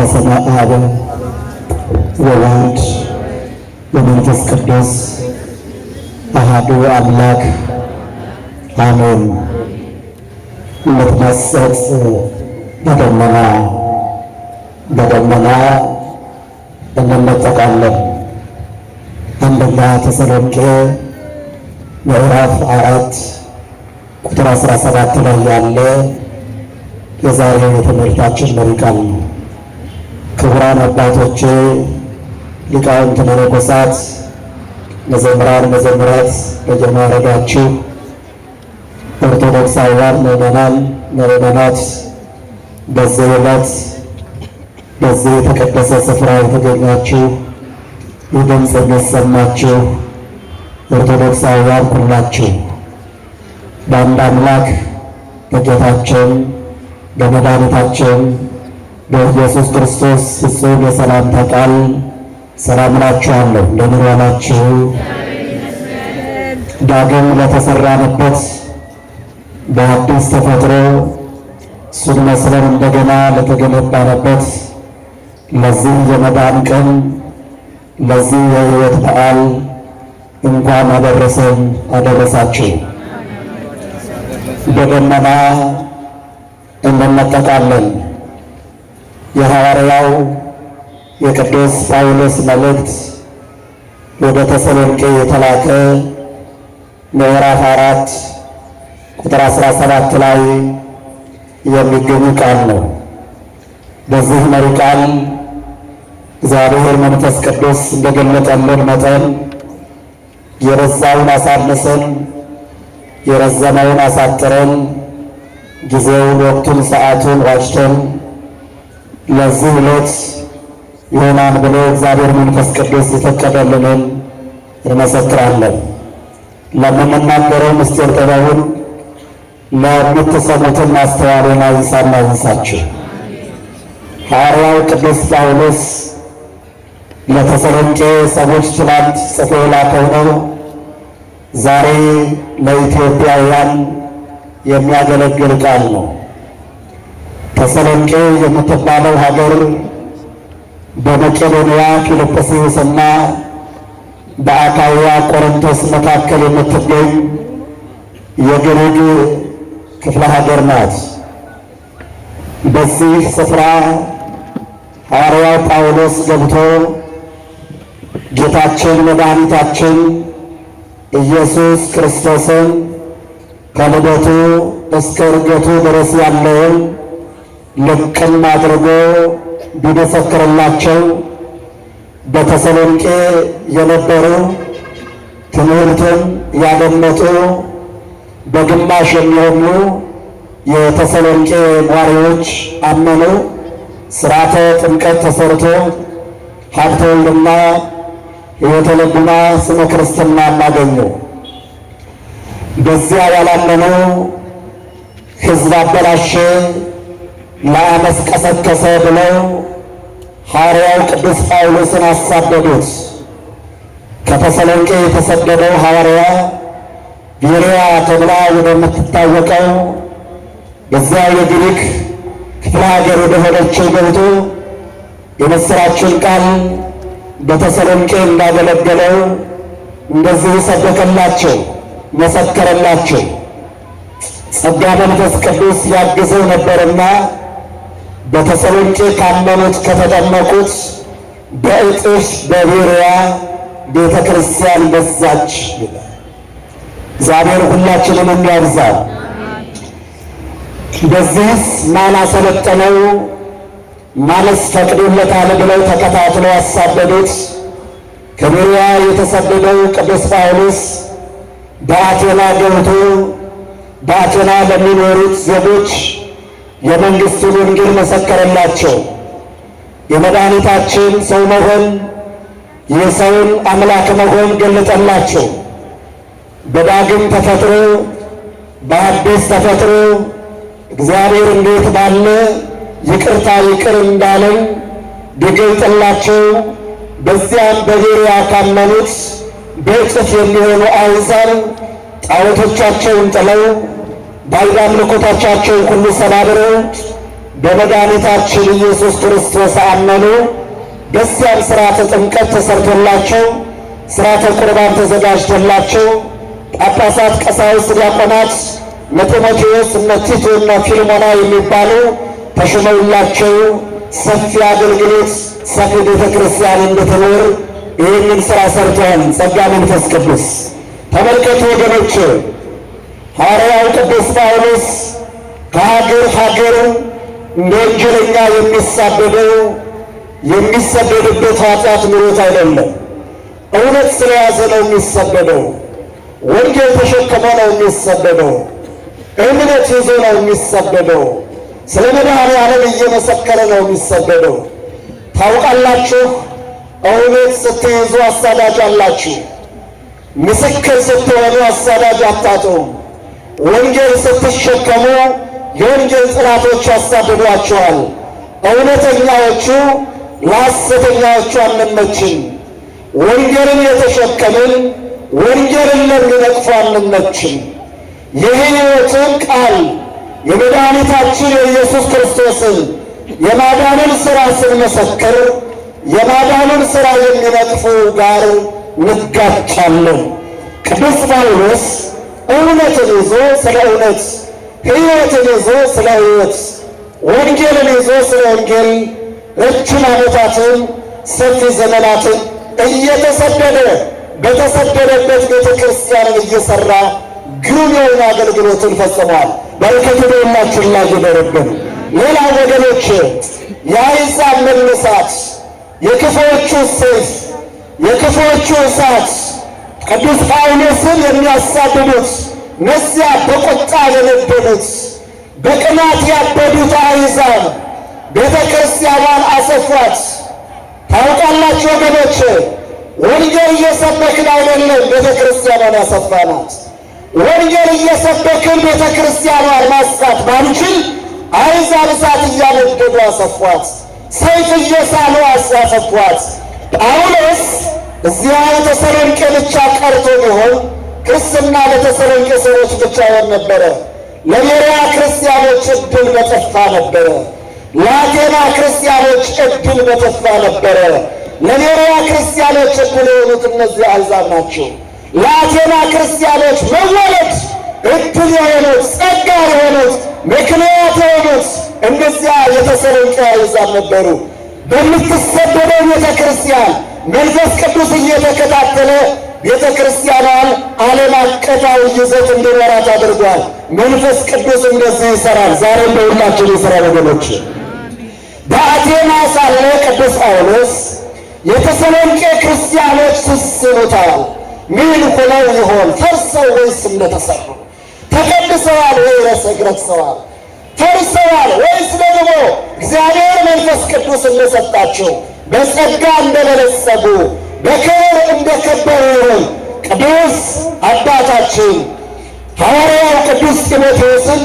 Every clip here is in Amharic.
በስመ አብ ወወልድ ወመንፈስ ቅዱስ አሐዱ አምላክ አሜን። የምትመሰጥ በደመና በደመና እንመጠቃለን። አንደኛ ተሰሎንቄ ምዕራፍ አራት ቁጥር አስራ ሰባት ላይ ያለ የዛሬው የትምህርታችን መሪ ቃል ነው። ክቡራን አባቶቼ ሊቃውንት መነኮሳት፣ መዘምራን፣ መዘምራት በየማዕረጋችሁ ኦርቶዶክሳውያን ምዕመናን፣ ምዕመናት በዚህ ዕለት በዚህ የተቀደሰ ስፍራ የተገኛችሁ የድምፅ የሚሰማችሁ ኦርቶዶክሳውያን ሁላችሁ በአንድ አምላክ በጌታችን በመድኃኒታችን በኢየሱስ ክርስቶስ ፍጹም የሰላምታ ቃል ሰላም እላችኋለሁ። እንደምን ዋላችሁ? ዳግም ለተሰራንበት በአዲስ ተፈጥሮ እሱን መስለን እንደገና ለተገነባንበት ለዚህ የመዳን ቀን ለዚህ የህይወት በዓል እንኳን አደረሰን አደረሳችሁ። በደመና እንመጠቃለን። የሐዋርያው የቅዱስ ጳውሎስ መልእክት ወደ ተሰሎንቄ የተላከ ምዕራፍ አራት ቁጥር አስራ ሰባት ላይ የሚገኝ ቃል ነው። በዚህ መሪ ቃል እግዚአብሔር መንፈስ ቅዱስ እንደገለጠልን መጠን የበዛውን አሳንሰን የረዘመውን አሳጥረን ጊዜውን፣ ወቅቱን፣ ሰዓቱን ዋጅተን ለዚህ ዕለት ይሆናል ብሎ እግዚአብሔር መንፈስ ቅዱስ የፈቀደልንን እንመሰክራለን። ለምንናገረው ምስጢር ጥበቡን ለምትሰሙትን ማስተዋሉን አይንሳና አይንሳችሁ። ሐዋርያው ቅዱስ ጳውሎስ ለተሰሎንቄ ሰዎች ትናንት ጽፎ ላከው ነው ዛሬ ለኢትዮጵያውያን የሚያገለግል ቃል ነው። ተሰሎንቄ የምትባለው ሀገር በመቄዶንያ ፊልጵስዩስ እና በአካይያ ቆሮንቶስ መካከል የምትገኝ የግሪክ ክፍለ ሀገር ናት። በዚህ ስፍራ ሐዋርያ ጳውሎስ ገብቶ ጌታችን መድኃኒታችን ኢየሱስ ክርስቶስን ከልደቱ እስከ ዕርገቱ ድረስ ያለውን ልክም አድርጎ ቢመሰክርላቸው በተሰሎንቄ የነበሩ ትምህርትን ያደመጡ በግማሽ የሚሆኑ የተሰሎንቄ ኗሪዎች አመኑ። ስርዓተ ጥምቀት ተሰርቶ ሀብተ ወልድና ሕይወተ ልቡና ስመ ክርስትና አገኙ። በዚያ ያላመኑ ሕዝብ አበላሸ ለዓመፅ ቀሰቀሰ ብለው ሐዋርያው ቅዱስ ጳውሎስን አሳደዱት። ከተሰሎንቄ የተሰደደው ሐዋርያ ቢሪያ ተብላ ወደምትታወቀው በዚያ የግሪክ ክፍለ ሀገር ወደሆነችው ገብቶ የምሥራችን ቃል በተሰሎንቄ እንዳገለገለው እንደዚህ ሰበከላቸው፣ መሰከረላቸው። ጸጋ መንፈስ ቅዱስ ያግዘው ነበርና በተሰሎንቄ ካመኑት ከተጠመቁት በእጥፍ በቤርያ ቤተ ክርስቲያን በዛች ይላል። እግዚአብሔር ሁላችንም ያብዛል። በዚህስ ማን አሰለጠነው? ማንስ ፈቅዶለታል? ብለው ተከታትለው አሳደዱት። ከቤርያ የተሰደደው ቅዱስ ጳውሎስ በአቴና ገብቶ በአቴና ለሚኖሩት ዜጎች የመንግስቱ ወንጌል መሰከረላቸው። የመድኃኒታችን ሰው መሆን የሰውን አምላክ መሆን ገለጠላቸው። በዳግም ተፈጥሮ በአዲስ ተፈጥሮ እግዚአብሔር እንዴት ባለ ይቅርታ ይቅር እንዳለን ቢገልጥላቸው በዚያም በቤሪያ ካመኑት በእጥፍ የሚሆኑ አንጻር ጣዖቶቻቸውን ጥለው ባልጋ አምልኮታቸውን ሁሉ ሰባብረው በመድኃኒታችን ኢየሱስ ክርስቶስ አመኑ። በዚያም ሥርዓተ ጥምቀት ተሰርቶላቸው ሥርዓተ ቁርባን ተዘጋጅቶላቸው ጳጳሳት፣ ቀሳውስት፣ ዲያቆናት እነ ጢሞቴዎስ እነ ቲቶ እና ፊልሞና የሚባሉ ተሾመውላቸው ሰፊ አገልግሎት ሰፊ ቤተ ክርስቲያን እንድትኖር ይህንን ሥራ ሰርተዋል። ጸጋ መንፈስ ቅዱስ ተመልከቱ ወገኖቼ። ሐዋርያው ቅዱስ ጳውሎስ ከሀገር ሀገር እንደ ወንጀለኛ የሚሳደደው የሚሰደድበት ኃጢአት ኑሮት አይደለም። እውነት ስለያዘ ነው የሚሰደደው። ወንጌል ተሸክሞ ነው የሚሰደደው። እምነት ይዞ ነው የሚሰደደው። ስለ መድኃኔዓለም እየመሰከረ ነው የሚሰደደው። ታውቃላችሁ፣ እውነት ስትይዙ አሳዳጅ አላችሁ። ምስክር ስትሆኑ አሳዳጅ አታጡም። ወንጌል ስትሸከሙ የወንጌል ጥላቶች ያሳድዷቸዋል። እውነተኛዎቹ ለሐሰተኛዎቹ አንመችም። ወንጌልን የተሸከምን ወንጌልን ለሚነቅፉ አንመችም። የሕይወትን ቃል የመድኃኒታችን የኢየሱስ ክርስቶስን የማዳኑን ሥራ ስንመሰክር የማዳኑን ሥራ የሚነቅፉ ጋር እንጋጫለን። ቅዱስ ጳውሎስ እውነትን ይዞ ስለ እውነት፣ ሕይወትን ይዞ ስለ ሕይወት፣ ወንጌልን ይዞ ስለ ወንጌል ረጅም ዓመታትን ሰፊ ዘመናትን እየተሰደደ በተሰደደበት ቤተ ክርስቲያንን እየሰራ ግሩም የሆነ አገልግሎትን ፈጽሟል። በረከቱ በሁላችን ላይ ይደርብን። ሌላ ወገኖች የአሕዛብ መነሳት፣ የክፉዎቹ ሰይፍ፣ የክፉዎቹ እሳት ቅዱስ ጳውሎስን የሚያሳድዱት እነዚያ በቁጣ የነደዱት በቅናት ያበዱት አሕዛብ ቤተ ክርስቲያኗን አሰፏት። ታውቃላችሁ ወገኖች፣ ወንጌል እየሰበክን አይደለም ቤተ ክርስቲያኗን ያሰፋናት። ወንጌል እየሰበክን ቤተ ክርስቲያኗን ማስፋት ባንችል አሕዛብ እሳት እያነደዱ አሰፏት፣ ሰይፍ እየሳሉ አሰፏት። ጳውሎስ እዚያ ለተሰሎንቄ ብቻ ቀርቶ ቢሆን ክርስትና ለተሰሎንቄ ሰዎች ብቻ ይሆን ነበረ። ለቤርያ ክርስቲያኖች እድል በጠፋ ነበረ። ለአቴና ክርስቲያኖች እድል በጠፋ ነበረ። ለቤርያ ክርስቲያኖች እድል የሆኑት እነዚህ አሕዛብ ናቸው። ለአቴና ክርስቲያኖች መወለድ እድል የሆኑት ጸጋ የሆኑት ምክንያት የሆኑት እነዚያ የተሰሎንቄ አሕዛብ ነበሩ። በምትሰደደው ቤተ ክርስቲያን መንፈስ ቅዱስ እየተከታተለ ቤተ ክርስቲያኗን ዓለም አቀፋዊ ይዘት እንዲኖራት አድርጓል። መንፈስ ቅዱስ እንደዚህ ይሰራል። ዛሬም በሁላችን የሥራ ወገኖች በአቴና ሳለ ቅዱስ ጳውሎስ የተሰሎንቄ ክርስቲያኖች ስስሉታል። ምን ሆነው ይሆን? ፈርሰው ወይስ እንደተሰሩ? ተቀድሰዋል ወይ ረሰግረግሰዋል? ፈርሰዋል ወይስ ደግሞ እግዚአብሔር መንፈስ ቅዱስ እንደሰጣቸው በጸጋ እንደበለጸጉ በክብር እንደከበሩ ቅዱስ አባታችን ሐዋርያው ቅዱስ ጢሞቴዎስን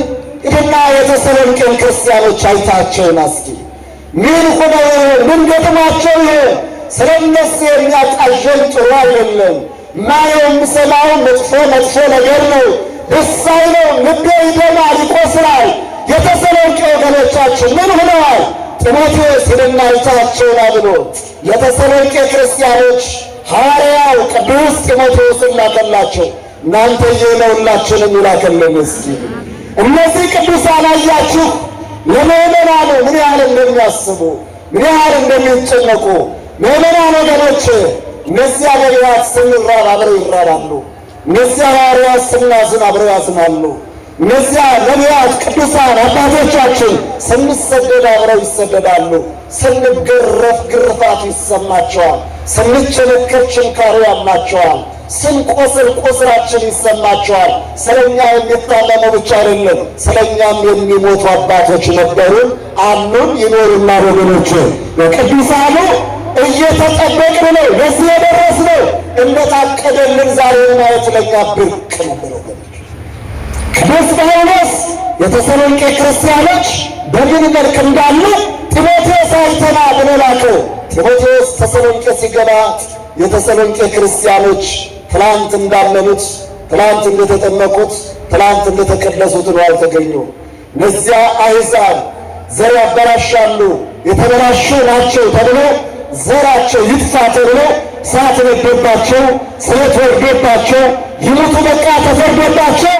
እድና የተሰሎንቄን ክርስቲያኖች አይታቸውን እስኪ ምን ሆነ ይሆን? ምን ገጥማቸው ይሆን? ስለ እነሱ የሚያጣዥን ጥሩ አይደለም። ማየው የምሰማው መጥፎ መጥፎ ነገር ነው። ደስ አይለው ልቤ ጢሞቴዎስ የማይቻቸው ነው ብሎ የተሰሎንቄ ክርስቲያኖች ሐዋርያው ቅዱስ ጢሞቴዎስን ላከላቸው። እናንተ የነውላችሁንም ይላከልን። እስኪ እነዚህ ቅዱሳን አያችሁ ለምዕመናኑ ምን ያህል እንደሚያስቡ ምን ያህል እንደሚጨነቁ። ምዕመናን ወገኖች፣ እነዚህ ነቢያት ስንራብ አብረው ይራባሉ፣ እነዚህ ሐዋርያት ስናዝን አብረው ያዝናሉ። እነዚያ ነቢያት ቅዱሳን አባቶቻችን ስንሰደድ አብረው ይሰደዳሉ። ስንገረፍ ግርፋት ይሰማቸዋል። ስንቸነከር ችንካሩ ያማቸዋል። ስንቆስር ቁስራችን ይሰማቸዋል። ስለኛ የሚታመሙ ብቻ አይደለም፣ ስለኛም የሚሞቱ አባቶች ነበሩን፣ አሉን፣ ይኖሩና ወገኖች በቅዱሳኑ እየተጠበቅን ነው። ለዚህ የደረስነው እንደታቀደልን ዛሬ ማየት ለኛ ብርቅ ነበር። የተሰሎንቄ ክርስቲያኖች በምን መልክ እንዳሉ ጢሞቴዎስ አይተና ብሎ ላከው። ጢሞቴዎስ ተሰሎንቄ ሲገባ የተሰሎንቄ ክርስቲያኖች ትላንት እንዳመኑት፣ ትላንት እንደተጠመቁት፣ ትላንት እንደተቀደሱት ነው አልተገኙ። እነዚያ አሕዛብ ዘር ያበላሻሉ የተበላሹ ናቸው ተብሎ ዘራቸው ይጥፋ ተብሎ ሰዓት ነዶባቸው ስለት ወርዶባቸው ይሙቱ በቃ ተፈርዶባቸው